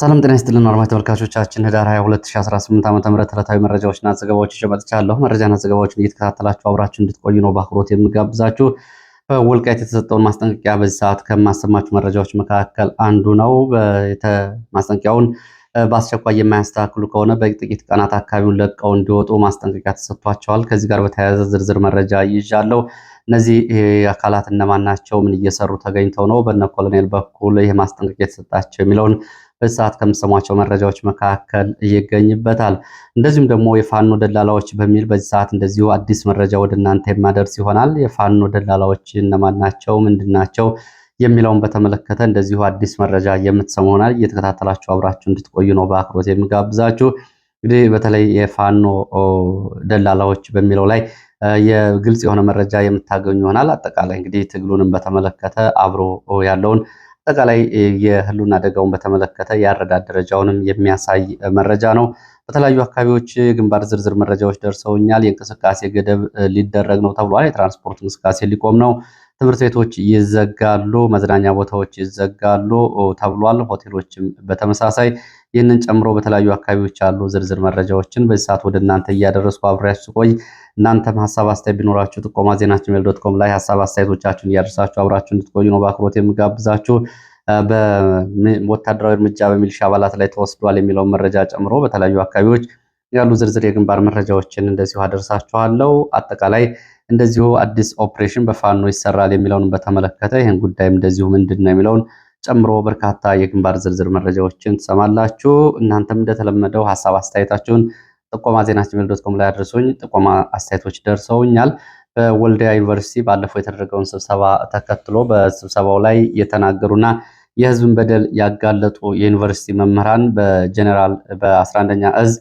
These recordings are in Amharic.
ሰላም ጤና ይስጥልን አድማጭ ተመልካቾቻችን ህዳር 22 2018 ዓ.ም ዕለታዊ መረጃዎችና ዘገባዎች ይዤ መረጃና ዘገባዎችን እየተከታተላችሁ አብራችሁ እንድትቆዩ ነው በአክብሮት የምጋብዛችሁ። በወልቃይት የተሰጠውን ማስጠንቀቂያ በዚህ ሰዓት ከማሰማችሁ መረጃዎች መካከል አንዱ ነው። ማስጠንቀቂያውን በአስቸኳይ የማያስተካክሉ ከሆነ በጥቂት ቀናት አካባቢውን ለቀው እንዲወጡ ማስጠንቀቂያ ተሰጥቷቸዋል። ከዚህ ጋር በተያያዘ ዝርዝር መረጃ ይዣለሁ። እነዚህ አካላት እነማን ናቸው? ምን እየሰሩ ተገኝተው ነው? በነ ኮሎኔል በኩል ይህ ማስጠንቀቂያ የተሰጣቸው የሚለውን በዚህ ሰዓት ከምሰሟቸው መረጃዎች መካከል ይገኝበታል። እንደዚሁም ደግሞ የፋኖ ደላላዎች በሚል በዚህ ሰዓት እንደዚሁ አዲስ መረጃ ወደ እናንተ የማደርስ ይሆናል። የፋኖ ደላላዎች እነማን ናቸው? ምንድን ናቸው? የሚለውን በተመለከተ እንደዚሁ አዲስ መረጃ የምትሰሙ ይሆናል። እየተከታተላችሁ አብራችሁ እንድትቆዩ ነው በአክብሮት የሚጋብዛችሁ። እንግዲህ በተለይ የፋኖ ደላላዎች በሚለው ላይ የግልጽ የሆነ መረጃ የምታገኙ ይሆናል። አጠቃላይ እንግዲህ ትግሉንም በተመለከተ አብሮ ያለውን አጠቃላይ የህልውና አደጋውን በተመለከተ የአረዳድ ደረጃውንም የሚያሳይ መረጃ ነው። በተለያዩ አካባቢዎች የግንባር ዝርዝር መረጃዎች ደርሰውኛል። የእንቅስቃሴ ገደብ ሊደረግ ነው ተብሏል። የትራንስፖርት እንቅስቃሴ ሊቆም ነው። ትምህርት ቤቶች ይዘጋሉ፣ መዝናኛ ቦታዎች ይዘጋሉ ተብሏል። ሆቴሎችም በተመሳሳይ ይህንን ጨምሮ በተለያዩ አካባቢዎች ያሉ ዝርዝር መረጃዎችን በዚህ ሰዓት ወደ እናንተ እያደረስኩ አብሬያችሁ ቆይ። እናንተም ሀሳብ አስተያየት ቢኖራችሁ ጥቆማ ዜናችን ሜል ዶት ኮም ላይ ሀሳብ አስተያየቶቻችሁን እያደረሳችሁ አብራችሁ እንድትቆዩ ነው በአክብሮት የምጋብዛችሁ። በወታደራዊ እርምጃ በሚሊሻ አባላት ላይ ተወስዷል የሚለውን መረጃ ጨምሮ በተለያዩ አካባቢዎች ያሉ ዝርዝር የግንባር መረጃዎችን እንደዚሁ አደርሳችኋለሁ። አጠቃላይ እንደዚሁ አዲስ ኦፕሬሽን በፋኖ ይሰራል የሚለውን በተመለከተ ይህን ጉዳይም እንደዚሁ ምንድን ነው የሚለውን ጨምሮ በርካታ የግንባር ዝርዝር መረጃዎችን ትሰማላችሁ። እናንተም እንደተለመደው ሀሳብ አስተያየታችሁን ጥቆማ ዜና ጂሜል ዶት ኮም ላይ አድርሱኝ። ጥቆማ አስተያየቶች ደርሰውኛል። በወልዲያ ዩኒቨርሲቲ ባለፈው የተደረገውን ስብሰባ ተከትሎ በስብሰባው ላይ የተናገሩና የህዝብን በደል ያጋለጡ የዩኒቨርሲቲ መምህራን በጀነራል በ11ኛ እዝ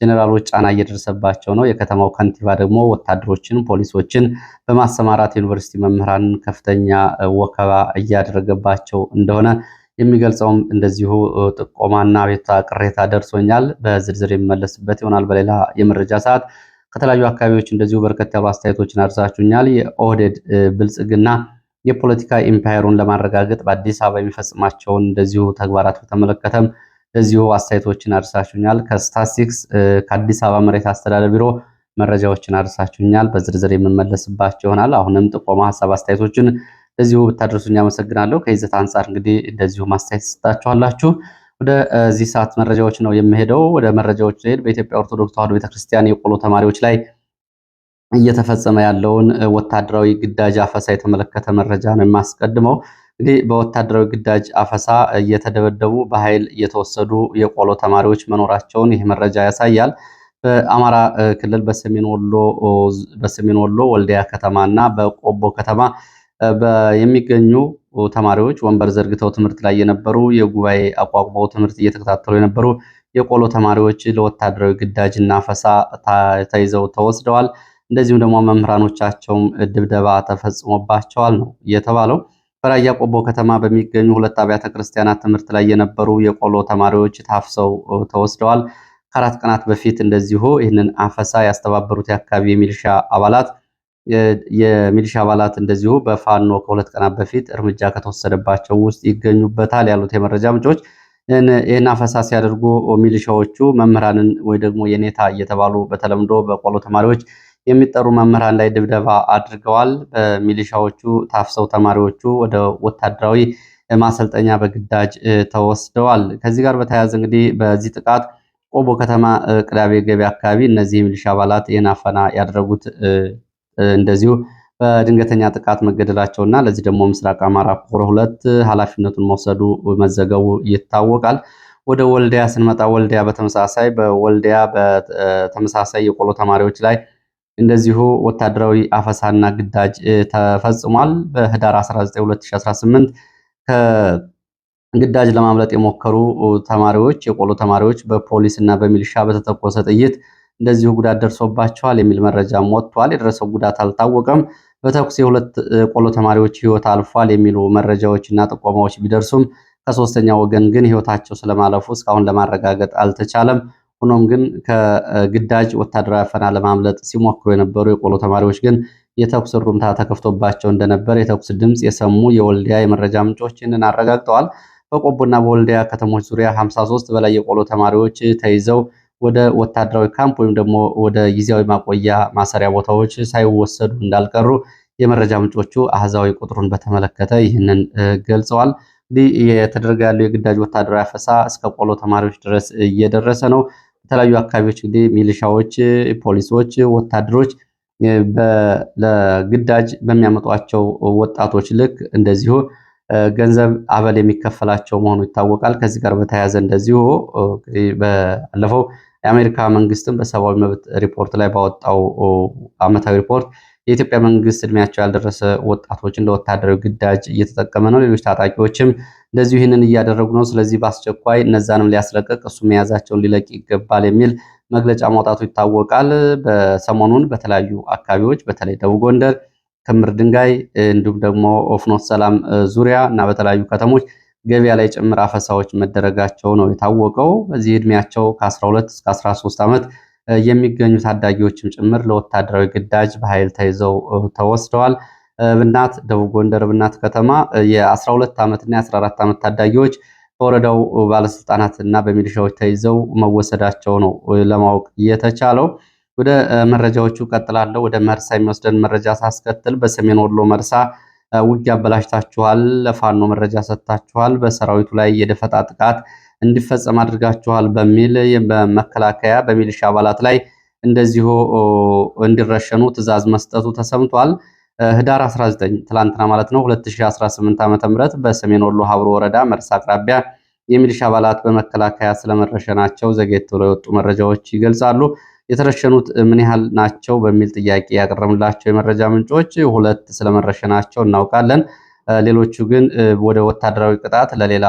ጀነራሎች ጫና እየደረሰባቸው ነው። የከተማው ከንቲባ ደግሞ ወታደሮችን፣ ፖሊሶችን በማሰማራት ዩኒቨርሲቲ መምህራን ከፍተኛ ወከባ እያደረገባቸው እንደሆነ የሚገልጸውም እንደዚሁ ጥቆማና ቤቷ ቅሬታ ደርሶኛል። በዝርዝር የሚመለስበት ይሆናል በሌላ የመረጃ ሰዓት። ከተለያዩ አካባቢዎች እንደዚሁ በርከት ያሉ አስተያየቶችን አድርሳችሁኛል። የኦህዴድ ብልጽግና የፖለቲካ ኢምፓየሩን ለማረጋገጥ በአዲስ አበባ የሚፈጽማቸውን እንደዚሁ ተግባራት በተመለከተም እንደዚሁ አስተያየቶችን አድርሳችሁኛል። ከስታሲክስ ከአዲስ አበባ መሬት አስተዳደር ቢሮ መረጃዎችን አድርሳችሁኛል። በዝርዝር የምመለስባቸው ይሆናል። አሁንም ጥቆማ፣ ሀሳብ፣ አስተያየቶችን እንደዚሁ ብታደርሱኝ አመሰግናለሁ። ከይዘት አንጻር እንግዲህ እንደዚሁ ማስተያየት ትሰጣችኋላችሁ። ወደዚህ ሰዓት መረጃዎች ነው የምሄደው። ወደ መረጃዎች ሄድ በኢትዮጵያ ኦርቶዶክስ ተዋሕዶ ቤተክርስቲያን የቆሎ ተማሪዎች ላይ እየተፈጸመ ያለውን ወታደራዊ ግዳጅ አፈሳ የተመለከተ መረጃ ነው የማስቀድመው። እንግዲህ በወታደራዊ ግዳጅ አፈሳ እየተደበደቡ በኃይል እየተወሰዱ የቆሎ ተማሪዎች መኖራቸውን ይህ መረጃ ያሳያል። በአማራ ክልል በሰሜን ወሎ ወልዲያ እና በቆቦ ከተማ የሚገኙ ተማሪዎች ወንበር ዘርግተው ትምህርት ላይ የነበሩ የጉባኤ አቋቁመው ትምህርት እየተከታተሉ የነበሩ የቆሎ ተማሪዎች ለወታደራዊ ግዳጅና አፈሳ ተይዘው ተወስደዋል። እንደዚሁም ደግሞ መምህራኖቻቸውም ድብደባ ተፈጽሞባቸዋል ነው የተባለው። በራያ ቆቦ ከተማ በሚገኙ ሁለት አብያተ ክርስቲያናት ትምህርት ላይ የነበሩ የቆሎ ተማሪዎች ታፍሰው ተወስደዋል። ከአራት ቀናት በፊት እንደዚሁ ይህንን አፈሳ ያስተባበሩት የአካባቢ የሚሊሻ አባላት የሚሊሻ አባላት እንደዚሁ በፋኖ ከሁለት ቀናት በፊት እርምጃ ከተወሰደባቸው ውስጥ ይገኙበታል ያሉት የመረጃ ምንጮች ይህን አፈሳ ሲያደርጉ ሚሊሻዎቹ መምህራንን ወይ ደግሞ የኔታ እየተባሉ በተለምዶ በቆሎ ተማሪዎች የሚጠሩ መምህራን ላይ ድብደባ አድርገዋል። በሚሊሻዎቹ ታፍሰው ተማሪዎቹ ወደ ወታደራዊ ማሰልጠኛ በግዳጅ ተወስደዋል። ከዚህ ጋር በተያያዘ እንግዲህ በዚህ ጥቃት ቆቦ ከተማ ቅዳሜ ገበያ አካባቢ እነዚህ የሚሊሻ አባላት ይህን አፈና ያደረጉት እንደዚሁ በድንገተኛ ጥቃት መገደላቸውና ለዚህ ደግሞ ምስራቅ አማራ ኮር ሁለት ኃላፊነቱን መውሰዱ መዘገቡ ይታወቃል። ወደ ወልዲያ ስንመጣ ወልዲያ በተመሳሳይ በወልዲያ በተመሳሳይ የቆሎ ተማሪዎች ላይ እንደዚሁ ወታደራዊ አፈሳና ግዳጅ ተፈጽሟል። በህዳር 19 2018 ከግዳጅ ለማምለጥ የሞከሩ ተማሪዎች የቆሎ ተማሪዎች በፖሊስ እና በሚሊሻ በተተኮሰ ጥይት እንደዚሁ ጉዳት ደርሶባቸዋል የሚል መረጃም ወጥቷል። የደረሰው ጉዳት አልታወቀም። በተኩስ የሁለት ቆሎ ተማሪዎች ህይወት አልፏል የሚሉ መረጃዎች እና ጥቆማዎች ቢደርሱም ከሶስተኛ ወገን ግን ህይወታቸው ስለማለፉ እስካሁን ለማረጋገጥ አልተቻለም። ሆኖም ግን ከግዳጅ ወታደራዊ አፈና ለማምለጥ ሲሞክሩ የነበሩ የቆሎ ተማሪዎች ግን የተኩስ እሩምታ ተከፍቶባቸው እንደነበር የተኩስ ድምፅ የሰሙ የወልዲያ የመረጃ ምንጮች ይህንን አረጋግጠዋል። በቆቦና በወልዲያ ከተሞች ዙሪያ 53 በላይ የቆሎ ተማሪዎች ተይዘው ወደ ወታደራዊ ካምፕ ወይም ደግሞ ወደ ጊዜያዊ ማቆያ ማሰሪያ ቦታዎች ሳይወሰዱ እንዳልቀሩ የመረጃ ምንጮቹ አህዛዊ ቁጥሩን በተመለከተ ይህንን ገልጸዋል። እንግዲህ የተደረገ ያለው የግዳጅ ወታደራዊ አፈሳ እስከ ቆሎ ተማሪዎች ድረስ እየደረሰ ነው። የተለያዩ አካባቢዎች እንግዲህ ሚሊሻዎች፣ ፖሊሶች፣ ወታደሮች ለግዳጅ በሚያመጧቸው ወጣቶች ልክ እንደዚሁ ገንዘብ አበል የሚከፈላቸው መሆኑ ይታወቃል። ከዚህ ጋር በተያያዘ እንደዚሁ ባለፈው የአሜሪካ መንግስትም በሰብአዊ መብት ሪፖርት ላይ ባወጣው ዓመታዊ ሪፖርት የኢትዮጵያ መንግስት እድሜያቸው ያልደረሰ ወጣቶች እንደ ወታደራዊ ግዳጅ እየተጠቀመ ነው። ሌሎች ታጣቂዎችም እንደዚሁ ይህንን እያደረጉ ነው። ስለዚህ በአስቸኳይ እነዛንም ሊያስለቀቅ እሱ መያዛቸውን ሊለቅ ይገባል የሚል መግለጫ ማውጣቱ ይታወቃል። በሰሞኑን በተለያዩ አካባቢዎች በተለይ ደቡብ ጎንደር ክምር ድንጋይ እንዲሁም ደግሞ ኦፍኖት ሰላም ዙሪያ እና በተለያዩ ከተሞች ገበያ ላይ ጭምር አፈሳዎች መደረጋቸው ነው የታወቀው። በዚህ እድሜያቸው ከ12 እስከ 13 ዓመት የሚገኙ ታዳጊዎችም ጭምር ለወታደራዊ ግዳጅ በኃይል ተይዘው ተወስደዋል። ብናት ደቡብ ጎንደር ብናት ከተማ የ12 ዓመት የ14 ዓመት ታዳጊዎች በወረዳው ባለስልጣናት እና በሚሊሻዎች ተይዘው መወሰዳቸው ነው ለማወቅ የተቻለው። ወደ መረጃዎቹ ቀጥላለሁ። ወደ መርሳ የሚወስደን መረጃ ሳስከትል በሰሜን ወሎ መርሳ ውጊያ አበላሽታችኋል፣ ለፋኖ መረጃ ሰጥታችኋል፣ በሰራዊቱ ላይ የደፈጣ ጥቃት እንዲፈጸም አድርጋችኋል በሚል በመከላከያ በሚሊሻ አባላት ላይ እንደዚሁ እንዲረሸኑ ትዕዛዝ መስጠቱ ተሰምቷል። ህዳር 19 ትላንትና ማለት ነው 2018 ም በሰሜን ወሎ ሀብሮ ወረዳ መርስ አቅራቢያ የሚሊሻ አባላት በመከላከያ ስለመረሸናቸው ዘግየት ብሎ የወጡ መረጃዎች ይገልጻሉ። የተረሸኑት ምን ያህል ናቸው በሚል ጥያቄ ያቀረብንላቸው የመረጃ ምንጮች ሁለት ስለመረሸናቸው እናውቃለን ሌሎቹ ግን ወደ ወታደራዊ ቅጣት ለሌላ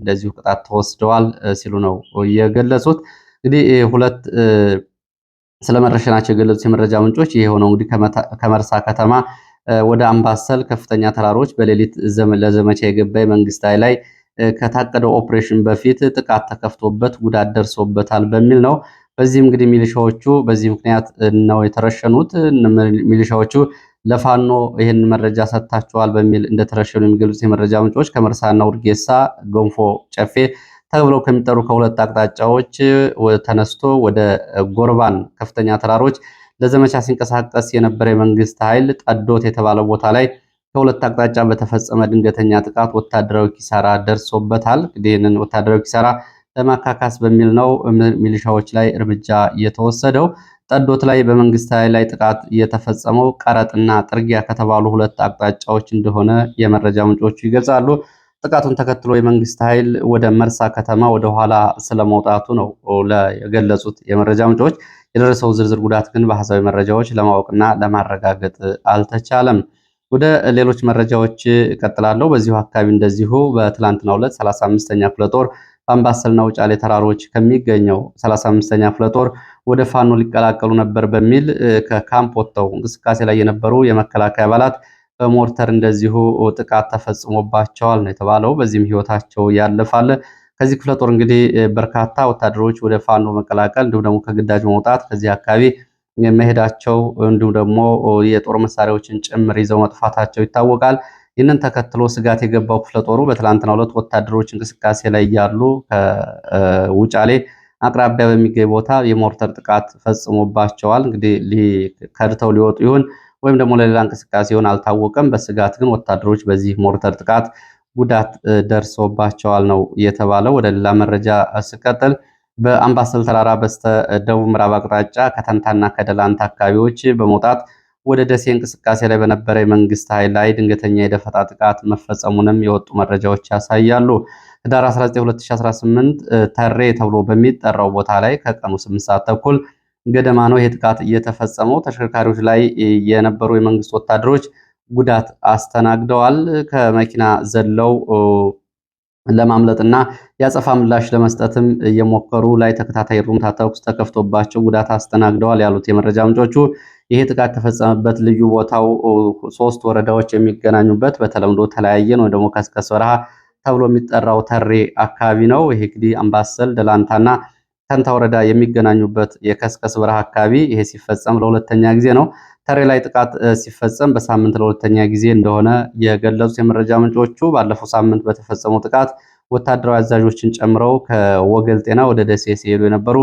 እንደዚሁ ቅጣት ተወስደዋል ሲሉ ነው የገለጹት። እንግዲህ ሁለት ስለመረሸናቸው ናቸው የገለጹት የመረጃ ምንጮች። ይሄ የሆነው እንግዲህ ከመርሳ ከተማ ወደ አምባሰል ከፍተኛ ተራሮች በሌሊት ለዘመቻ የገባ የመንግስት ኃይል ላይ ከታቀደው ኦፕሬሽን በፊት ጥቃት ተከፍቶበት ጉዳት ደርሶበታል በሚል ነው። በዚህም እንግዲህ ሚሊሻዎቹ በዚህ ምክንያት ነው የተረሸኑት። ሚሊሻዎቹ ለፋኖ ይህን መረጃ ሰጥታችኋል በሚል እንደተረሸኑ የሚገልጹት የመረጃ ምንጮች ከመርሳና ውርጌሳ፣ ጎንፎ ጨፌ ተብለው ከሚጠሩ ከሁለት አቅጣጫዎች ተነስቶ ወደ ጎርባን ከፍተኛ ተራሮች ለዘመቻ ሲንቀሳቀስ የነበረ የመንግስት ኃይል ጠዶት የተባለ ቦታ ላይ ከሁለት አቅጣጫ በተፈጸመ ድንገተኛ ጥቃት ወታደራዊ ኪሳራ ደርሶበታል። ይህንን ወታደራዊ ኪሳራ ለማካካስ በሚል ነው ሚሊሻዎች ላይ እርምጃ የተወሰደው። ጠዶት ላይ በመንግስት ኃይል ላይ ጥቃት የተፈጸመው ቀረጥና ጥርጊያ ከተባሉ ሁለት አቅጣጫዎች እንደሆነ የመረጃ ምንጮቹ ይገልጻሉ። ጥቃቱን ተከትሎ የመንግስት ኃይል ወደ መርሳ ከተማ ወደ ኋላ ስለመውጣቱ ነው የገለጹት የመረጃ ምንጮች። የደረሰው ዝርዝር ጉዳት ግን በሐሳዊ መረጃዎች ለማወቅና ለማረጋገጥ አልተቻለም። ወደ ሌሎች መረጃዎች እቀጥላለሁ። በዚሁ አካባቢ እንደዚሁ በትላንትና ሁለት 35ኛ ክፍለ ጦር በአምባሰልና ውጫሌ ተራሮች ከሚገኘው 35ኛ ክፍለ ጦር ወደ ፋኖ ሊቀላቀሉ ነበር በሚል ከካምፕ ወጥተው እንቅስቃሴ ላይ የነበሩ የመከላከያ አባላት በሞርተር እንደዚሁ ጥቃት ተፈጽሞባቸዋል ነው የተባለው። በዚህም ህይወታቸው ያለፋል። ከዚህ ክፍለ ጦር እንግዲህ በርካታ ወታደሮች ወደ ፋኖ መቀላቀል እንዲሁም ደግሞ ከግዳጅ መውጣት ከዚህ አካባቢ መሄዳቸው እንዲሁም ደግሞ የጦር መሳሪያዎችን ጭምር ይዘው መጥፋታቸው ይታወቃል። ይህንን ተከትሎ ስጋት የገባው ክፍለ ጦሩ በትላንትና ሁለት ወታደሮች እንቅስቃሴ ላይ ያሉ ከውጫሌ አቅራቢያ በሚገኝ ቦታ የሞርተር ጥቃት ፈጽሞባቸዋል። እንግዲህ ከድተው ሊወጡ ይሆን ወይም ደግሞ ለሌላ እንቅስቃሴ ይሆን አልታወቀም። በስጋት ግን ወታደሮች በዚህ ሞርተር ጥቃት ጉዳት ደርሶባቸዋል ነው የተባለው። ወደ ሌላ መረጃ ስቀጥል በአምባሰል ተራራ በስተ ደቡብ ምዕራብ አቅጣጫ ከተንታና ከደላንታ አካባቢዎች በመውጣት ወደ ደሴ እንቅስቃሴ ላይ በነበረ የመንግስት ኃይል ላይ ድንገተኛ የደፈጣ ጥቃት መፈጸሙንም የወጡ መረጃዎች ያሳያሉ። ህዳር 19 2018 ተሬ ተብሎ በሚጠራው ቦታ ላይ ከቀኑ 8 ሰዓት ተኩል ገደማ ነው ይሄ ጥቃት እየተፈጸመው። ተሽከርካሪዎች ላይ የነበሩ የመንግስት ወታደሮች ጉዳት አስተናግደዋል። ከመኪና ዘለው ለማምለጥና የአጸፋ ምላሽ ለመስጠትም የሞከሩ ላይ ተከታታይ ሩምታ ተኩስ ተከፍቶባቸው ጉዳት አስተናግደዋል ያሉት የመረጃ ምንጮቹ ይሄ ጥቃት ተፈጸመበት ልዩ ቦታው ሶስት ወረዳዎች የሚገናኙበት በተለምዶ ተለያየን ወይ ደግሞ ከስከስ በረሃ ተብሎ የሚጠራው ተሬ አካባቢ ነው። ይሄ እንግዲህ አምባሰል ደላንታና ከንታ ወረዳ የሚገናኙበት የከስከስ በረሃ አካባቢ ይሄ ሲፈጸም ለሁለተኛ ጊዜ ነው። ተሬ ላይ ጥቃት ሲፈጸም በሳምንት ለሁለተኛ ጊዜ እንደሆነ የገለጹት የመረጃ ምንጮቹ ባለፈው ሳምንት በተፈጸመው ጥቃት ወታደራዊ አዛዦችን ጨምረው ከወገል ጤና ወደ ደሴ ሲሄዱ የነበሩ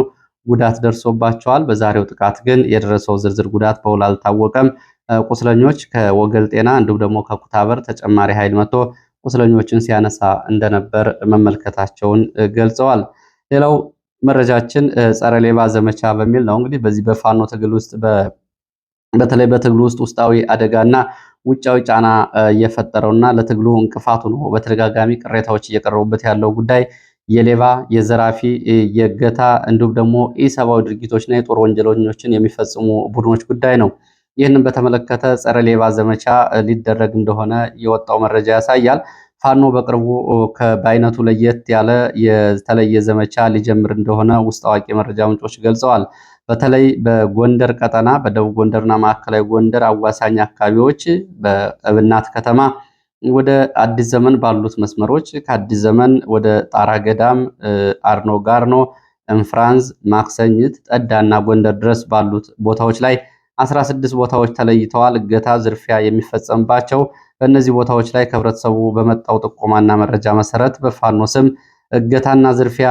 ጉዳት ደርሶባቸዋል። በዛሬው ጥቃት ግን የደረሰው ዝርዝር ጉዳት በውል አልታወቀም። ቁስለኞች ከወገል ጤና እንዲሁም ደግሞ ከኩታበር ተጨማሪ ኃይል መጥቶ ቁስለኞችን ሲያነሳ እንደነበር መመልከታቸውን ገልጸዋል። ሌላው መረጃችን ጸረ ሌባ ዘመቻ በሚል ነው። እንግዲህ በዚህ በፋኖ ትግል ውስጥ በተለይ በትግሉ ውስጥ ውስጣዊ አደጋና ውጫዊ ጫና እየፈጠረውና ለትግሉ እንቅፋቱ ነው በተደጋጋሚ ቅሬታዎች እየቀረቡበት ያለው ጉዳይ የሌባ የዘራፊ የገታ እንዲሁም ደግሞ ኢሰብአዊ ድርጊቶችና የጦር ወንጀለኞችን የሚፈጽሙ ቡድኖች ጉዳይ ነው። ይህንን በተመለከተ ጸረ ሌባ ዘመቻ ሊደረግ እንደሆነ የወጣው መረጃ ያሳያል። ፋኖ በቅርቡ በአይነቱ ለየት ያለ የተለየ ዘመቻ ሊጀምር እንደሆነ ውስጥ አዋቂ መረጃ ምንጮች ገልጸዋል። በተለይ በጎንደር ቀጠና በደቡብ ጎንደርና ማዕከላዊ ጎንደር አዋሳኝ አካባቢዎች በእብናት ከተማ ወደ አዲስ ዘመን ባሉት መስመሮች ከአዲስ ዘመን ወደ ጣራ ገዳም፣ አርኖ ጋርኖ፣ እንፍራንዝ፣ ማክሰኝት፣ ጠዳና ጎንደር ድረስ ባሉት ቦታዎች ላይ 16 ቦታዎች ተለይተዋል። እገታ፣ ዝርፊያ የሚፈጸምባቸው በእነዚህ ቦታዎች ላይ ከህብረተሰቡ በመጣው ጥቆማና መረጃ መሰረት በፋኖ ስም እገታና ዝርፊያ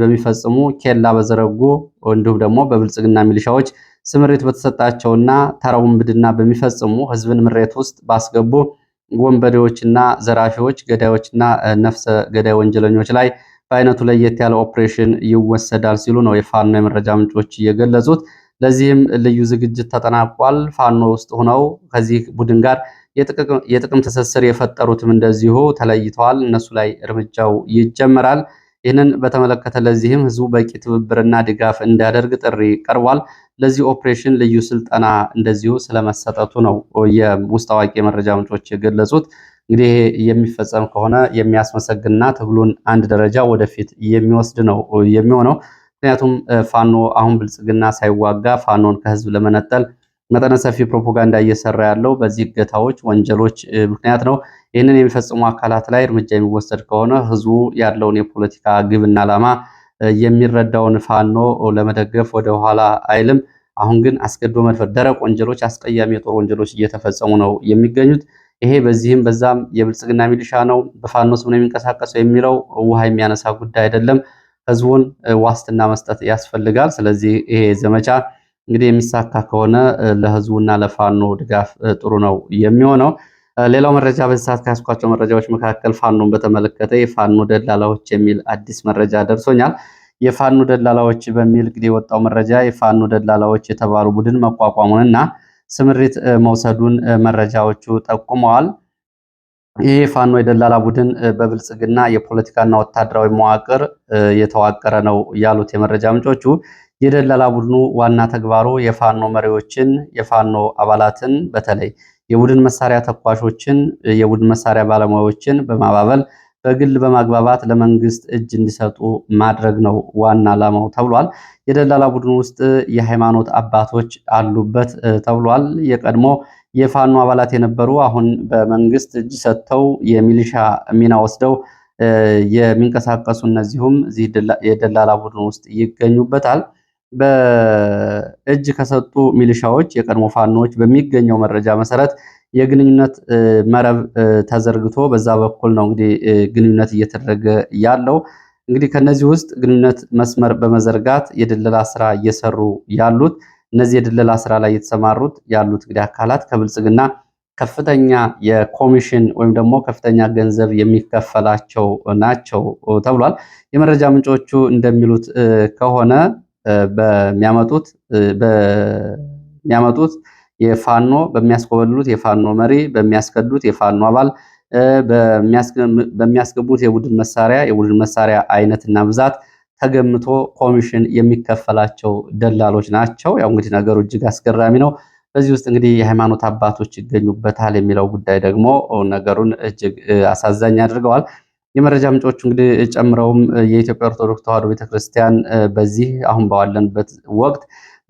በሚፈጽሙ ኬላ በዘረጉ እንዲሁም ደግሞ በብልጽግና ሚሊሻዎች ስምሪት በተሰጣቸውና ብድና በሚፈጽሙ ህዝብን ምሬት ውስጥ ባስገቡ ወንበዴዎችና ዘራፊዎች፣ ገዳዮችና ነፍሰ ገዳይ ወንጀለኞች ላይ በአይነቱ ለየት ያለ ኦፕሬሽን ይወሰዳል ሲሉ ነው የፋኖ የመረጃ ምንጮች እየገለጹት። ለዚህም ልዩ ዝግጅት ተጠናቋል። ፋኖ ውስጥ ሆነው ከዚህ ቡድን ጋር የጥቅም ትስስር የፈጠሩትም እንደዚሁ ተለይተዋል። እነሱ ላይ እርምጃው ይጀመራል። ይህንን በተመለከተ ለዚህም ህዝቡ በቂ ትብብርና ድጋፍ እንዲያደርግ ጥሪ ቀርቧል። ለዚህ ኦፕሬሽን ልዩ ስልጠና እንደዚሁ ስለመሰጠቱ ነው የውስጥ አዋቂ መረጃ ምንጮች የገለጹት። እንግዲህ የሚፈጸም ከሆነ የሚያስመሰግንና ትግሉን አንድ ደረጃ ወደፊት የሚወስድ ነው የሚሆነው። ምክንያቱም ፋኖ አሁን ብልጽግና ሳይዋጋ ፋኖን ከህዝብ ለመነጠል መጠነ ሰፊ ፕሮፓጋንዳ እየሰራ ያለው በዚህ እገታዎች፣ ወንጀሎች ምክንያት ነው። ይህንን የሚፈጽሙ አካላት ላይ እርምጃ የሚወሰድ ከሆነ ህዝቡ ያለውን የፖለቲካ ግብና ዓላማ የሚረዳውን ፋኖ ለመደገፍ ወደ ኋላ አይልም። አሁን ግን አስገድዶ መድፈር፣ ደረቅ ወንጀሎች፣ አስቀያሚ የጦር ወንጀሎች እየተፈጸሙ ነው የሚገኙት። ይሄ በዚህም በዛም የብልጽግና ሚሊሻ ነው በፋኖ ስም ነው የሚንቀሳቀሰው የሚለው ውሃ የሚያነሳ ጉዳይ አይደለም። ህዝቡን ዋስትና መስጠት ያስፈልጋል። ስለዚህ ይሄ ዘመቻ እንግዲህ የሚሳካ ከሆነ ለህዝቡና ለፋኖ ድጋፍ ጥሩ ነው የሚሆነው። ሌላው መረጃ በዚህ ሰዓት ከያዝኳቸው መረጃዎች መካከል ፋኖን በተመለከተ የፋኖ ደላላዎች የሚል አዲስ መረጃ ደርሶኛል። የፋኖ ደላላዎች በሚል እንግዲህ የወጣው መረጃ የፋኖ ደላላዎች የተባሉ ቡድን መቋቋሙን እና ስምሪት መውሰዱን መረጃዎቹ ጠቁመዋል። ይህ የፋኖ የደላላ ቡድን በብልጽግና የፖለቲካና ወታደራዊ መዋቅር የተዋቀረ ነው ያሉት የመረጃ ምንጮቹ የደላላ ቡድኑ ዋና ተግባሩ የፋኖ መሪዎችን፣ የፋኖ አባላትን በተለይ የቡድን መሳሪያ ተኳሾችን፣ የቡድን መሳሪያ ባለሙያዎችን በማባበል በግል በማግባባት ለመንግስት እጅ እንዲሰጡ ማድረግ ነው ዋና ዓላማው ተብሏል። የደላላ ቡድን ውስጥ የሃይማኖት አባቶች አሉበት ተብሏል። የቀድሞ የፋኖ አባላት የነበሩ አሁን በመንግስት እጅ ሰጥተው የሚሊሻ ሚና ወስደው የሚንቀሳቀሱ እነዚሁም እዚህ የደላላ ቡድን ውስጥ ይገኙበታል። በእጅ ከሰጡ ሚሊሻዎች የቀድሞ ፋኖዎች በሚገኘው መረጃ መሰረት የግንኙነት መረብ ተዘርግቶ በዛ በኩል ነው እንግዲህ ግንኙነት እየተደረገ ያለው። እንግዲህ ከነዚህ ውስጥ ግንኙነት መስመር በመዘርጋት የድለላ ስራ እየሰሩ ያሉት እነዚህ የድለላ ስራ ላይ የተሰማሩት ያሉት እንግዲህ አካላት ከብልጽግና ከፍተኛ የኮሚሽን ወይም ደግሞ ከፍተኛ ገንዘብ የሚከፈላቸው ናቸው ተብሏል። የመረጃ ምንጮቹ እንደሚሉት ከሆነ በሚያመጡት በሚያመጡት የፋኖ በሚያስኮበሉት የፋኖ መሪ በሚያስከዱት የፋኖ አባል በሚያስገቡት የቡድን መሳሪያ የቡድን መሳሪያ አይነትና ብዛት ተገምቶ ኮሚሽን የሚከፈላቸው ደላሎች ናቸው። ያው እንግዲህ ነገሩ እጅግ አስገራሚ ነው። በዚህ ውስጥ እንግዲህ የሃይማኖት አባቶች ይገኙበታል የሚለው ጉዳይ ደግሞ ነገሩን እጅግ አሳዛኝ አድርገዋል። የመረጃ ምንጮቹ እንግዲህ ጨምረውም የኢትዮጵያ ኦርቶዶክስ ተዋሕዶ ቤተክርስቲያን በዚህ አሁን ባለንበት ወቅት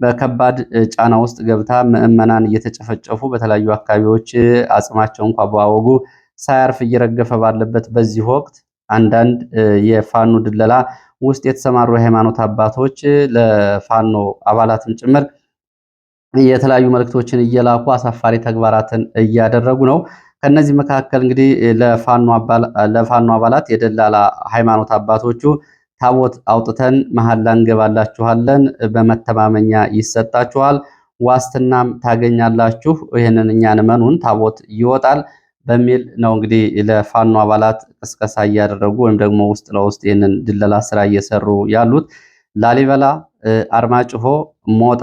በከባድ ጫና ውስጥ ገብታ ምዕመናን እየተጨፈጨፉ በተለያዩ አካባቢዎች አጽማቸው እንኳ በአወጉ ሳያርፍ እየረገፈ ባለበት በዚህ ወቅት አንዳንድ የፋኖ ድለላ ውስጥ የተሰማሩ የሃይማኖት አባቶች ለፋኖ አባላትም ጭምር የተለያዩ መልእክቶችን እየላኩ አሳፋሪ ተግባራትን እያደረጉ ነው። ከነዚህ መካከል እንግዲህ ለፋኖ አባላት የደላላ ሃይማኖት አባቶቹ ታቦት አውጥተን መሐላ እንገባላችኋለን፣ በመተማመኛ ይሰጣችኋል፣ ዋስትናም ታገኛላችሁ፣ ይህንን እኛን መኑን ታቦት ይወጣል በሚል ነው እንግዲህ ለፋኖ አባላት ቅስቀሳ እያደረጉ ወይም ደግሞ ውስጥ ለውስጥ ይህንን ድለላ ስራ እየሰሩ ያሉት ላሊበላ፣ አርማጭሆ፣ ሞጣ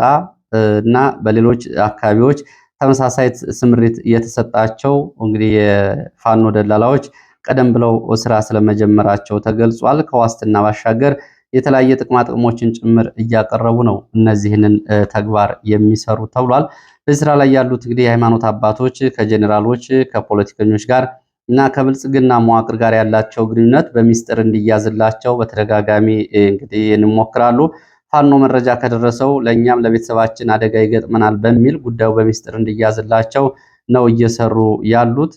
እና በሌሎች አካባቢዎች ተመሳሳይ ስምሪት የተሰጣቸው እንግዲህ የፋኖ ደላላዎች ቀደም ብለው ስራ ስለመጀመራቸው ተገልጿል። ከዋስትና ባሻገር የተለያየ ጥቅማ ጥቅሞችን ጭምር እያቀረቡ ነው እነዚህንን ተግባር የሚሰሩ ተብሏል። በስራ ላይ ያሉት እንግዲህ የሃይማኖት አባቶች ከጀኔራሎች ከፖለቲከኞች ጋር እና ከብልጽግና መዋቅር ጋር ያላቸው ግንኙነት በሚስጥር እንዲያዝላቸው በተደጋጋሚ እንግዲህ እንሞክራሉ። ፋኖ መረጃ ከደረሰው ለእኛም ለቤተሰባችን አደጋ ይገጥመናል በሚል ጉዳዩ በሚስጥር እንዲያዝላቸው ነው እየሰሩ ያሉት።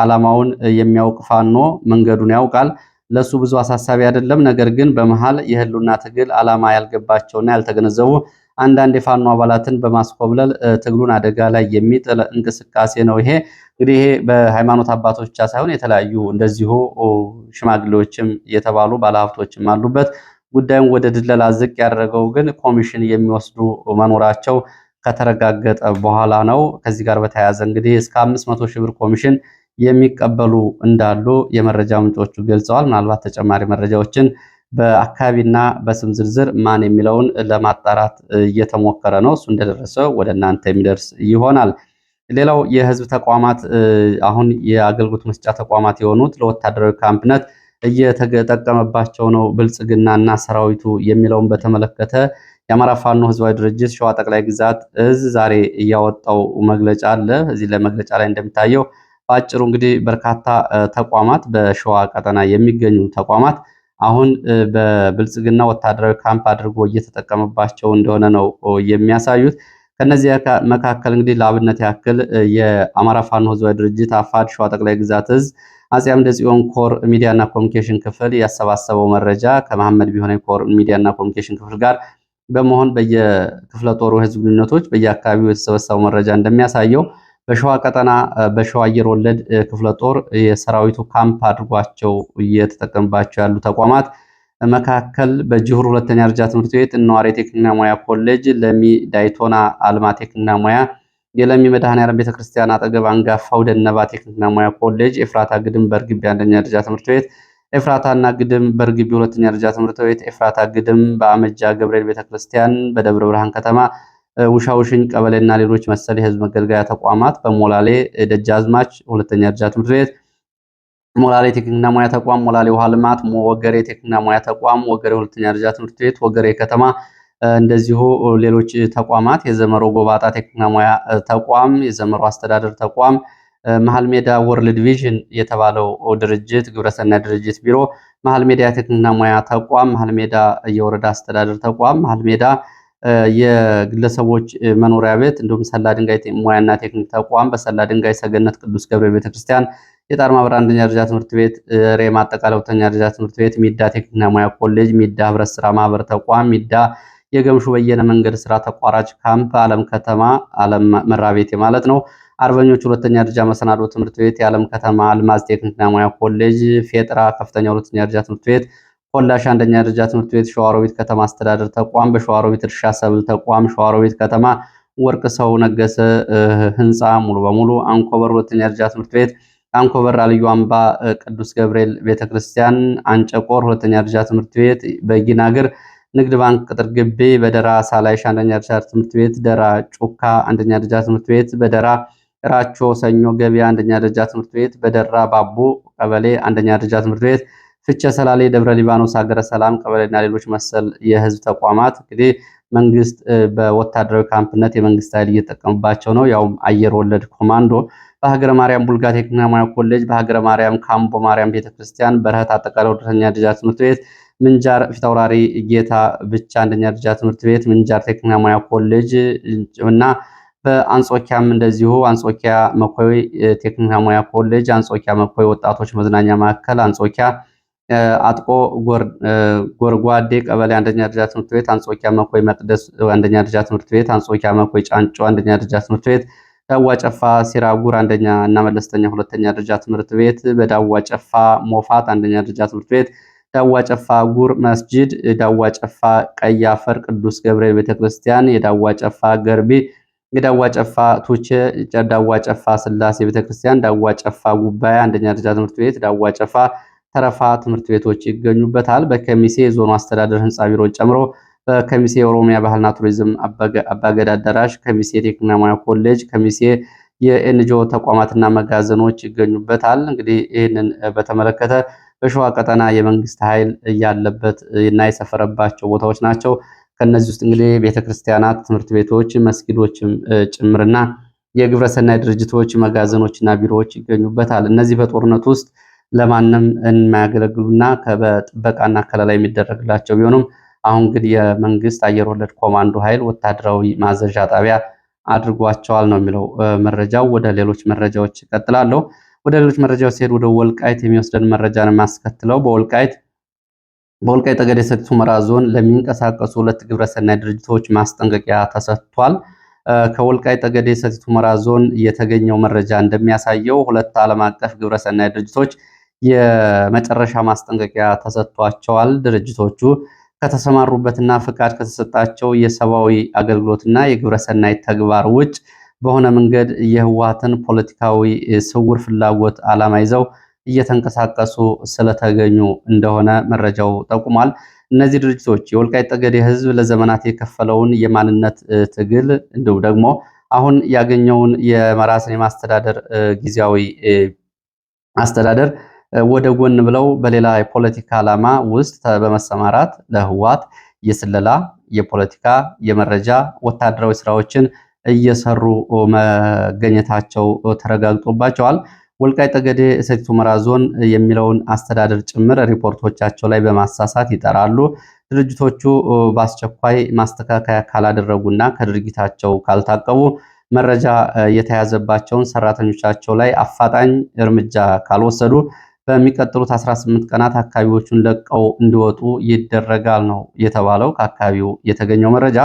ዓላማውን የሚያውቅ ፋኖ መንገዱን ያውቃል። ለሱ ብዙ አሳሳቢ አይደለም። ነገር ግን በመሃል የህሉና ትግል ዓላማ ያልገባቸውና ያልተገነዘቡ አንዳንድ የፋኖ አባላትን በማስኮብለል ትግሉን አደጋ ላይ የሚጥል እንቅስቃሴ ነው። ይሄ እንግዲህ ይሄ በሃይማኖት አባቶች ብቻ ሳይሆን የተለያዩ እንደዚሁ ሽማግሌዎችም የተባሉ ባለሀብቶችም አሉበት። ጉዳዩን ወደ ድለላ ዝቅ ያደረገው ግን ኮሚሽን የሚወስዱ መኖራቸው ከተረጋገጠ በኋላ ነው። ከዚህ ጋር በተያያዘ እንግዲህ እስከ አምስት መቶ ሺህ ብር ኮሚሽን የሚቀበሉ እንዳሉ የመረጃ ምንጮቹ ገልጸዋል። ምናልባት ተጨማሪ መረጃዎችን በአካባቢና በስም ዝርዝር ማን የሚለውን ለማጣራት እየተሞከረ ነው። እሱ እንደደረሰ ወደ እናንተ የሚደርስ ይሆናል። ሌላው የህዝብ ተቋማት አሁን የአገልግሎት መስጫ ተቋማት የሆኑት ለወታደራዊ ካምፕነት እየተጠቀመባቸው ነው ብልጽግናና ሰራዊቱ የሚለውን በተመለከተ የአማራ ፋኖ ህዝባዊ ድርጅት ሸዋ ጠቅላይ ግዛት እዝ ዛሬ እያወጣው መግለጫ አለ። እዚህ ለመግለጫ ላይ እንደሚታየው በአጭሩ እንግዲህ በርካታ ተቋማት በሸዋ ቀጠና የሚገኙ ተቋማት አሁን በብልጽግና ወታደራዊ ካምፕ አድርጎ እየተጠቀመባቸው እንደሆነ ነው የሚያሳዩት። ከነዚህ መካከል እንግዲህ ለአብነት ያክል የአማራ ፋኖ ህዝባዊ ድርጅት አፋድ ሸዋ ጠቅላይ ግዛት እዝ አጼ አምደ ጽዮን ኮር ሚዲያና ኮሚኒኬሽን ክፍል ያሰባሰበው መረጃ ከመሐመድ ቢሆነ ኮር ሚዲያና ኮሚኒኬሽን ክፍል ጋር በመሆን በየክፍለ ጦሩ ህዝብ ግንኙነቶች በየአካባቢው የተሰበሰበው መረጃ እንደሚያሳየው በሸዋ ቀጠና በሸዋ አየር ወለድ ክፍለ ጦር የሰራዊቱ ካምፕ አድርጓቸው እየተጠቀምባቸው ያሉ ተቋማት መካከል በጅሁር ሁለተኛ ደረጃ ትምህርት ቤት፣ ነዋሪ ቴክኒክና ሙያ ኮሌጅ፣ ለሚ ዳይቶና አልማ ቴክኒክና ሙያ የለሚ መድኃኔዓለም ቤተክርስቲያን አጠገብ አንጋፋው ደነባ ቴክኒክና ሙያ ኮሌጅ፣ ኤፍራታ ግድም በርግቢ አንደኛ ደረጃ ትምህርት ቤት፣ ኤፍራታና ግድም በርግቢ ሁለተኛ ደረጃ ትምህርት ቤት፣ ኤፍራታ ግድም በአመጃ ገብርኤል ቤተክርስቲያን በደብረ ብርሃን ከተማ ውሻውሽኝ ቀበሌና ሌሎች መሰል የህዝብ መገልገያ ተቋማት በሞላሌ ደጃዝማች ሁለተኛ ደረጃ ትምህርት ቤት ሞላሌ ቴክኒክና ሙያ ተቋም፣ ሞላሌ ውሃ ልማት፣ ወገሬ ቴክኒክና ሙያ ተቋም፣ ወገሬ ሁለተኛ ደረጃ ትምህርት ቤት፣ ወገሬ ከተማ እንደዚሁ ሌሎች ተቋማት የዘመሮ ጎባጣ ቴክኒክና ሙያ ተቋም፣ የዘመሮ አስተዳደር ተቋም፣ መሀል ሜዳ ወርልድ ቪዥን የተባለው ድርጅት ግብረሰናይ ድርጅት ቢሮ፣ መሀል ሜዳ የቴክኒክና ሙያ ተቋም፣ መሀል ሜዳ የወረዳ አስተዳደር ተቋም፣ መሀል ሜዳ የግለሰቦች መኖሪያ ቤት እንዲሁም ሰላ ድንጋይ ሙያና ቴክኒክ ተቋም በሰላ ድንጋይ ሰገነት ቅዱስ ገብርኤል ቤተክርስቲያን የጣር ብር አንደኛ ደረጃ ትምህርት ቤት ሬማ አጠቃላይ ሁለተኛ ደረጃ ትምህርት ቤት ሚዳ ቴክኒክና ሙያ ኮሌጅ ሚዳ ህብረት ስራ ማህበር ተቋም ሚዳ የገምሹ በየነ መንገድ ስራ ተቋራጭ ካምፕ አለም ከተማ አለም መራቤቴ ማለት ነው። አርበኞች ሁለተኛ ደረጃ መሰናዶ ትምህርት ቤት፣ የዓለም ከተማ አልማዝ ቴክኒክና ሙያ ኮሌጅ፣ ፌጥራ ከፍተኛ ሁለተኛ ደረጃ ትምህርት ቤት፣ ሆላሽ አንደኛ ደረጃ ትምህርት ቤት፣ ሸዋሮቢት ከተማ አስተዳደር ተቋም፣ በሸዋሮቢት እርሻ ሰብል ተቋም፣ ሸዋሮቢት ከተማ ወርቅ ሰው ነገሰ ህንፃ ሙሉ በሙሉ፣ አንኮበር ሁለተኛ ደረጃ ትምህርት ቤት፣ አንኮበር አልዩ አምባ ቅዱስ ገብርኤል ቤተክርስቲያን፣ አንጨቆር ሁለተኛ ደረጃ ትምህርት ቤት፣ በጊናግር ንግድ ባንክ ቅጥር ግቢ በደራ ሳላይሽ አንደኛ ደረጃ ትምህርት ቤት፣ ደራ ጩካ አንደኛ ደረጃ ትምህርት ቤት፣ በደራ ራቾ ሰኞ ገበያ አንደኛ ደረጃ ትምህርት ቤት፣ በደራ ባቦ ቀበሌ አንደኛ ደረጃ ትምህርት ቤት፣ ፍቼ ሰላሌ ደብረ ሊባኖስ ሀገረ ሰላም ቀበሌና ሌሎች መሰል የህዝብ ተቋማት እንግዲህ መንግስት በወታደራዊ ካምፕነት የመንግስት ኃይል እየተጠቀሙባቸው ነው። ያውም አየር ወለድ ኮማንዶ በሀገረ ማርያም ቡልጋ ቴክኒካዊ ኮሌጅ፣ በሀገረ ማርያም ካምቦ ማርያም ቤተክርስቲያን፣ በረሃት አጠቃላይ ሁለተኛ ደረጃ ትምህርት ቤት ምንጃር ፊታውራሪ ጌታ ብቻ አንደኛ ደረጃ ትምህርት ቤት፣ ምንጃር ቴክኒክና ሙያ ኮሌጅ እና በአንጾኪያም እንደዚሁ አንጾኪያ መኮይ ቴክኒክና ሙያ ኮሌጅ፣ አንጾኪያ መኮይ ወጣቶች መዝናኛ ማዕከል፣ አንጾኪያ አጥቆ ጎርጓዴ ቀበሌ አንደኛ ደረጃ ትምህርት ቤት፣ አንጾኪያ መኮይ መቅደስ አንደኛ ደረጃ ትምህርት ቤት፣ አንጾኪያ መኮይ ጫንጮ አንደኛ ደረጃ ትምህርት ቤት፣ ዳዋ ጨፋ ሲራጉር አንደኛ እና መለስተኛ ሁለተኛ ደረጃ ትምህርት ቤት፣ በዳዋ ጨፋ ሞፋት አንደኛ ደረጃ ትምህርት ቤት ዳዋ ጨፋ ጉር መስጂድ፣ ዳዋ ጨፋ ቀይ አፈር ቅዱስ ገብርኤል ቤተክርስቲያን፣ የዳዋ ጨፋ ገርቢ፣ የዳዋ ጨፋ ቱቼ፣ ዳዋ ጨፋ ስላሴ ቤተክርስቲያን፣ ዳዋ ጨፋ ጉባኤ አንደኛ ደረጃ ትምህርት ቤት፣ ዳዋ ጨፋ ተረፋ ትምህርት ቤቶች ይገኙበታል። በከሚሴ የዞኑ አስተዳደር ህንፃ ቢሮ ጨምሮ በከሚሴ የኦሮሚያ ባህልና ቱሪዝም አባገዳ አዳራሽ፣ ከሚሴ ቴክኒክና ሙያ ኮሌጅ፣ ከሚሴ የኤንጂኦ ተቋማትና መጋዘኖች ይገኙበታል። እንግዲህ ይህንን በተመለከተ በሸዋ ቀጠና የመንግስት ኃይል ያለበት እና የሰፈረባቸው ቦታዎች ናቸው። ከነዚህ ውስጥ እንግዲህ ቤተክርስቲያናት፣ ትምህርት ቤቶች፣ መስጊዶችም ጭምርና የግብረሰናይ ድርጅቶች መጋዘኖችና ቢሮዎች ይገኙበታል። እነዚህ በጦርነት ውስጥ ለማንም የማያገለግሉና በጥበቃና ከለላ የሚደረግላቸው ቢሆኑም አሁን ግን የመንግስት አየር ወለድ ኮማንዶ ኃይል ወታደራዊ ማዘዣ ጣቢያ አድርጓቸዋል ነው የሚለው መረጃው። ወደ ሌሎች መረጃዎች እቀጥላለሁ። ወደ ሌሎች መረጃዎች ሲሄድ ወደ ወልቃይት የሚወስደን መረጃ ማስከትለው በወልቃይት በወልቃይት ጠገዴ ሰቲት ሁመራ ዞን ለሚንቀሳቀሱ ሁለት ግብረሰናይ ድርጅቶች ማስጠንቀቂያ ተሰጥቷል። ከወልቃይት ጠገዴ ሰቲት ሁመራ ዞን የተገኘው መረጃ እንደሚያሳየው ሁለት ዓለም አቀፍ ግብረሰናይ ድርጅቶች የመጨረሻ ማስጠንቀቂያ ተሰጥቷቸዋል። ድርጅቶቹ ከተሰማሩበትና ፍቃድ ከተሰጣቸው የሰብአዊ አገልግሎትና የግብረሰናይ ተግባር ውጭ በሆነ መንገድ የህወሓትን ፖለቲካዊ ስውር ፍላጎት ዓላማ ይዘው እየተንቀሳቀሱ ስለተገኙ እንደሆነ መረጃው ጠቁሟል። እነዚህ ድርጅቶች የወልቃይት ጠገዴ ህዝብ ለዘመናት የከፈለውን የማንነት ትግል እንዲሁም ደግሞ አሁን ያገኘውን የራስን የማስተዳደር ጊዜያዊ አስተዳደር ወደ ጎን ብለው በሌላ የፖለቲካ ዓላማ ውስጥ በመሰማራት ለህወሓት የስለላ፣ የፖለቲካ፣ የመረጃ፣ ወታደራዊ ስራዎችን እየሰሩ መገኘታቸው ተረጋግጦባቸዋል። ወልቃይት ጠገዴ ሰቲት ሁመራ ዞን የሚለውን አስተዳደር ጭምር ሪፖርቶቻቸው ላይ በማሳሳት ይጠራሉ። ድርጅቶቹ በአስቸኳይ ማስተካከያ ካላደረጉና ከድርጊታቸው ካልታቀቡ መረጃ የተያዘባቸውን ሰራተኞቻቸው ላይ አፋጣኝ እርምጃ ካልወሰዱ በሚቀጥሉት 18 ቀናት አካባቢዎቹን ለቀው እንዲወጡ ይደረጋል ነው የተባለው። ከአካባቢው የተገኘው መረጃ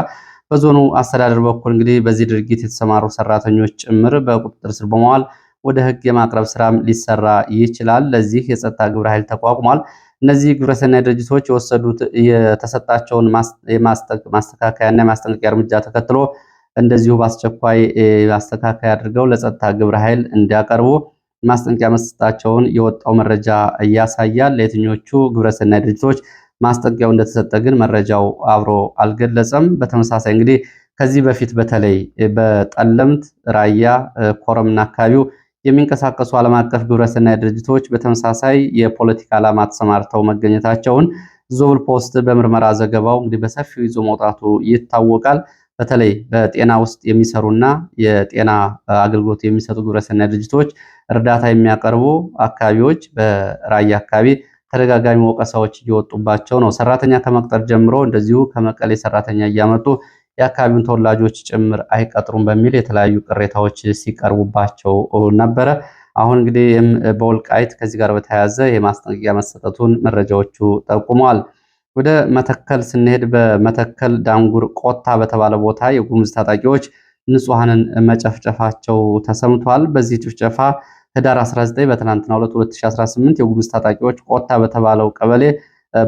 በዞኑ አስተዳደር በኩል እንግዲህ በዚህ ድርጊት የተሰማሩ ሰራተኞች ጭምር በቁጥጥር ስር በመዋል ወደ ህግ የማቅረብ ስራም ሊሰራ ይችላል። ለዚህ የጸጥታ ግብረ ኃይል ተቋቁሟል። እነዚህ ግብረሰናይ ድርጅቶች የወሰዱት የተሰጣቸውን ማስተካከያና የማስጠንቀቂያ እርምጃ ተከትሎ እንደዚሁ በአስቸኳይ ማስተካከያ አድርገው ለጸጥታ ግብረ ኃይል እንዲያቀርቡ ማስጠንቀቂያ መስጠታቸውን የወጣው መረጃ እያሳያል። ለየትኞቹ ግብረሰናይ ድርጅቶች ማስጠጊያው እንደተሰጠ ግን መረጃው አብሮ አልገለጸም። በተመሳሳይ እንግዲህ ከዚህ በፊት በተለይ በጠለምት፣ ራያ፣ ኮረምና አካባቢው የሚንቀሳቀሱ ዓለም አቀፍ ግብረሰናይ ድርጅቶች በተመሳሳይ የፖለቲካ ዓላማ ተሰማርተው መገኘታቸውን ዞብል ፖስት በምርመራ ዘገባው እንግዲህ በሰፊው ይዞ መውጣቱ ይታወቃል። በተለይ በጤና ውስጥ የሚሰሩና የጤና አገልግሎት የሚሰጡ ግብረሰናይ ድርጅቶች እርዳታ የሚያቀርቡ አካባቢዎች በራያ አካባቢ ተደጋጋሚ ወቀሳዎች እየወጡባቸው ነው። ሰራተኛ ከመቅጠር ጀምሮ እንደዚሁ ከመቀሌ ሰራተኛ እያመጡ የአካባቢውን ተወላጆች ጭምር አይቀጥሩም በሚል የተለያዩ ቅሬታዎች ሲቀርቡባቸው ነበረ። አሁን እንግዲህ በወልቃይት ከዚህ ጋር በተያያዘ የማስጠንቀቂያ መሰጠቱን መረጃዎቹ ጠቁመዋል። ወደ መተከል ስንሄድ በመተከል ዳንጉር ቆታ በተባለ ቦታ የጉሙዝ ታጣቂዎች ንጹሐንን መጨፍጨፋቸው ተሰምቷል። በዚህ ጭፍጨፋ ህዳር 19 በትናንትናው ዕለት 2018 የጉምዝ ታጣቂዎች ቆታ በተባለው ቀበሌ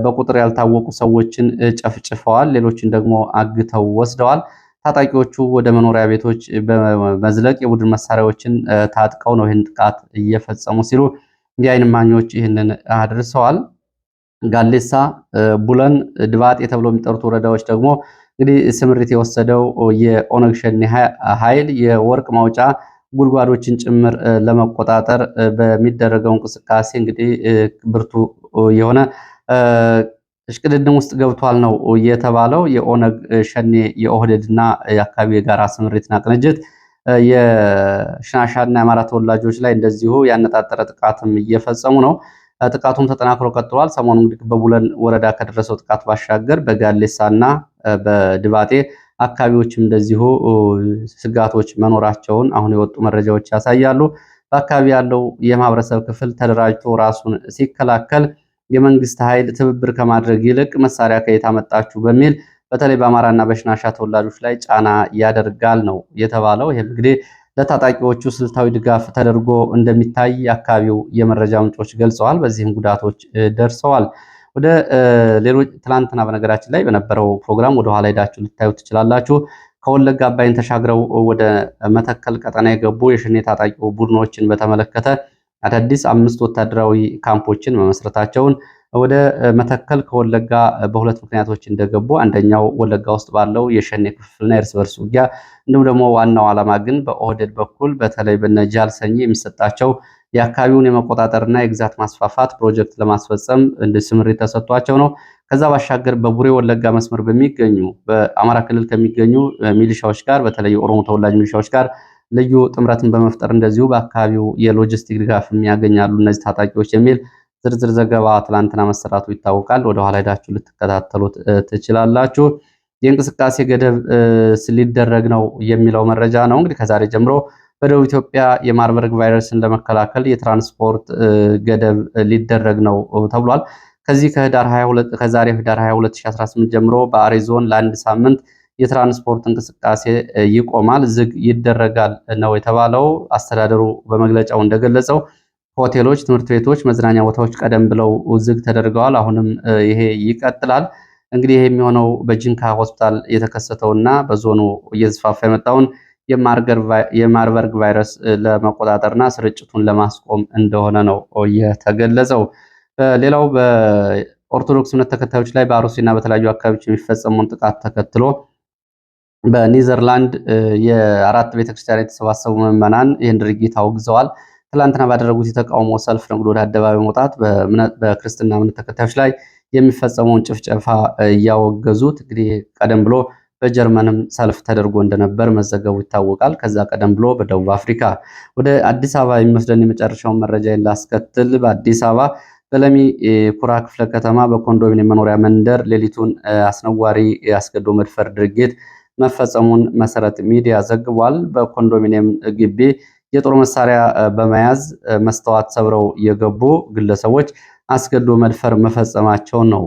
በቁጥር ያልታወቁ ሰዎችን ጨፍጭፈዋል። ሌሎችን ደግሞ አግተው ወስደዋል። ታጣቂዎቹ ወደ መኖሪያ ቤቶች በመዝለቅ የቡድን መሳሪያዎችን ታጥቀው ነው ይህን ጥቃት እየፈጸሙ ሲሉ የዓይን እማኞች ይህንን አድርሰዋል። ጋሌሳ፣ ቡለን፣ ድባጤ ተብሎ የሚጠሩት ወረዳዎች ደግሞ እንግዲህ ስምሪት የወሰደው የኦነግ ሸኔ ኃይል የወርቅ ማውጫ ጉድጓዶችን ጭምር ለመቆጣጠር በሚደረገው እንቅስቃሴ እንግዲህ ብርቱ የሆነ እሽቅድድም ውስጥ ገብቷል ነው የተባለው። የኦነግ ሸኔ፣ የኦህዴድና የአካባቢ የጋራ ስምሪትና ቅንጅት የሽናሻና የአማራ ተወላጆች ላይ እንደዚሁ ያነጣጠረ ጥቃትም እየፈጸሙ ነው። ጥቃቱም ተጠናክሮ ቀጥሏል። ሰሞኑ እንግዲህ በቡለን ወረዳ ከደረሰው ጥቃት ባሻገር በጋሌሳና በድባጤ አካባቢዎችም እንደዚሁ ስጋቶች መኖራቸውን አሁን የወጡ መረጃዎች ያሳያሉ። በአካባቢ ያለው የማህበረሰብ ክፍል ተደራጅቶ ራሱን ሲከላከል የመንግስት ኃይል ትብብር ከማድረግ ይልቅ መሳሪያ ከየት አመጣችሁ በሚል በተለይ በአማራና በሽናሻ ተወላጆች ላይ ጫና ያደርጋል ነው የተባለው። ይህም እንግዲህ ለታጣቂዎቹ ስልታዊ ድጋፍ ተደርጎ እንደሚታይ የአካባቢው የመረጃ ምንጮች ገልጸዋል። በዚህም ጉዳቶች ደርሰዋል። ወደ ሌሎች ትላንትና በነገራችን ላይ በነበረው ፕሮግራም ወደ ኋላ ሄዳችሁ ልታዩ ትችላላችሁ። ከወለጋ አባይን ተሻግረው ወደ መተከል ቀጠና የገቡ የሸኔ ታጣቂ ቡድኖችን በተመለከተ አዳዲስ አምስት ወታደራዊ ካምፖችን መመስረታቸውን ወደ መተከል ከወለጋ በሁለት ምክንያቶች እንደገቡ አንደኛው ወለጋ ውስጥ ባለው የሸኔ ክፍፍልና የእርስ በርስ ውጊያ እንዲሁም ደግሞ ዋናው ዓላማ ግን በኦህደድ በኩል በተለይ በነጃል ጃል የሚሰጣቸው የአካባቢውን የመቆጣጠርና የግዛት ማስፋፋት ፕሮጀክት ለማስፈጸም እንደ ስምሪት ተሰጥቷቸው ነው። ከዛ ባሻገር በቡሬ ወለጋ መስመር በሚገኙ በአማራ ክልል ከሚገኙ ሚሊሻዎች ጋር በተለይ ኦሮሞ ተወላጅ ሚሊሻዎች ጋር ልዩ ጥምረትን በመፍጠር እንደዚሁ በአካባቢው የሎጂስቲክ ድጋፍ የሚያገኛሉ እነዚህ ታጣቂዎች የሚል ዝርዝር ዘገባ ትላንትና መሰራቱ ይታወቃል። ወደኋላ ሄዳችሁ ልትከታተሉት ትችላላችሁ። የእንቅስቃሴ ገደብ ሊደረግ ነው የሚለው መረጃ ነው። እንግዲህ ከዛሬ ጀምሮ በደቡብ ኢትዮጵያ የማርበርግ ቫይረስን ለመከላከል የትራንስፖርት ገደብ ሊደረግ ነው ተብሏል። ከዚህ ከህዳር 22 ከዛሬ ህዳር 22 2018 ጀምሮ በአሪ ዞን ለአንድ ሳምንት የትራንስፖርት እንቅስቃሴ ይቆማል፣ ዝግ ይደረጋል ነው የተባለው። አስተዳደሩ በመግለጫው እንደገለጸው ሆቴሎች፣ ትምህርት ቤቶች፣ መዝናኛ ቦታዎች ቀደም ብለው ዝግ ተደርገዋል። አሁንም ይሄ ይቀጥላል። እንግዲህ ይሄ የሚሆነው በጂንካ ሆስፒታል የተከሰተውና በዞኑ እየተስፋፋ የመጣውን የማርበርግ ቫይረስ ለመቆጣጠርና ስርጭቱን ለማስቆም እንደሆነ ነው የተገለጸው። ሌላው በኦርቶዶክስ እምነት ተከታዮች ላይ በአሩሲና በተለያዩ አካባቢዎች የሚፈጸሙን ጥቃት ተከትሎ በኒዘርላንድ የአራት ቤተክርስቲያን የተሰባሰቡ ምዕመናን ይህን ድርጊት አውግዘዋል። ትላንትና ባደረጉት የተቃውሞ ሰልፍ ነግዶ ወደ አደባባይ መውጣት በክርስትና እምነት ተከታዮች ላይ የሚፈጸመውን ጭፍጨፋ እያወገዙት እንግዲህ ቀደም ብሎ በጀርመንም ሰልፍ ተደርጎ እንደነበር መዘገቡ ይታወቃል። ከዛ ቀደም ብሎ በደቡብ አፍሪካ ወደ አዲስ አበባ የሚወስደን የመጨረሻውን መረጃ ላስከትል። በአዲስ አበባ በለሚ ኩራ ክፍለ ከተማ በኮንዶሚኒየም መኖሪያ መንደር ሌሊቱን አስነዋሪ አስገዶ መድፈር ድርጊት መፈጸሙን መሰረት ሚዲያ ዘግቧል። በኮንዶሚኒየም ግቢ የጦር መሳሪያ በመያዝ መስተዋት ሰብረው የገቡ ግለሰቦች አስገዶ መድፈር መፈጸማቸውን ነው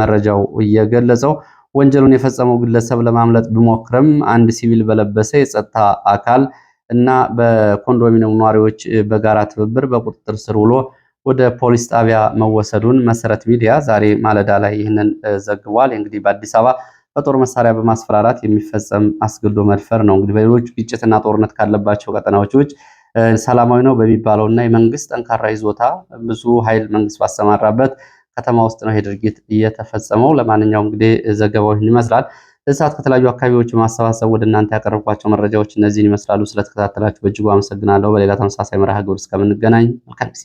መረጃው እየገለጸው። ወንጀሉን የፈጸመው ግለሰብ ለማምለጥ ቢሞክርም አንድ ሲቪል በለበሰ የጸጥታ አካል እና በኮንዶሚኒየም ነዋሪዎች በጋራ ትብብር በቁጥጥር ስር ውሎ ወደ ፖሊስ ጣቢያ መወሰዱን መሰረት ሚዲያ ዛሬ ማለዳ ላይ ይህንን ዘግቧል። እንግዲህ በአዲስ አበባ በጦር መሳሪያ በማስፈራራት የሚፈጸም አስገድዶ መድፈር ነው። እንግዲህ በሌሎች ግጭትና ጦርነት ካለባቸው ቀጠናዎች ውጭ ሰላማዊ ነው በሚባለው እና የመንግስት ጠንካራ ይዞታ ብዙ ኃይል መንግስት ባሰማራበት ከተማ ውስጥ ነው ይሄ ድርጊት እየተፈጸመው። ለማንኛውም እንግዲህ ዘገባው ይመስላል። ለዚህ ሰዓት ከተለያዩ አካባቢዎች ማሰባሰብ ወደ እናንተ ያቀረብኳቸው መረጃዎች እነዚህን ይመስላሉ። ስለተከታተላችሁ በእጅጉ አመሰግናለሁ። በሌላ ተመሳሳይ መርሃ ግብር እስከምንገናኝ መልካም ጊዜ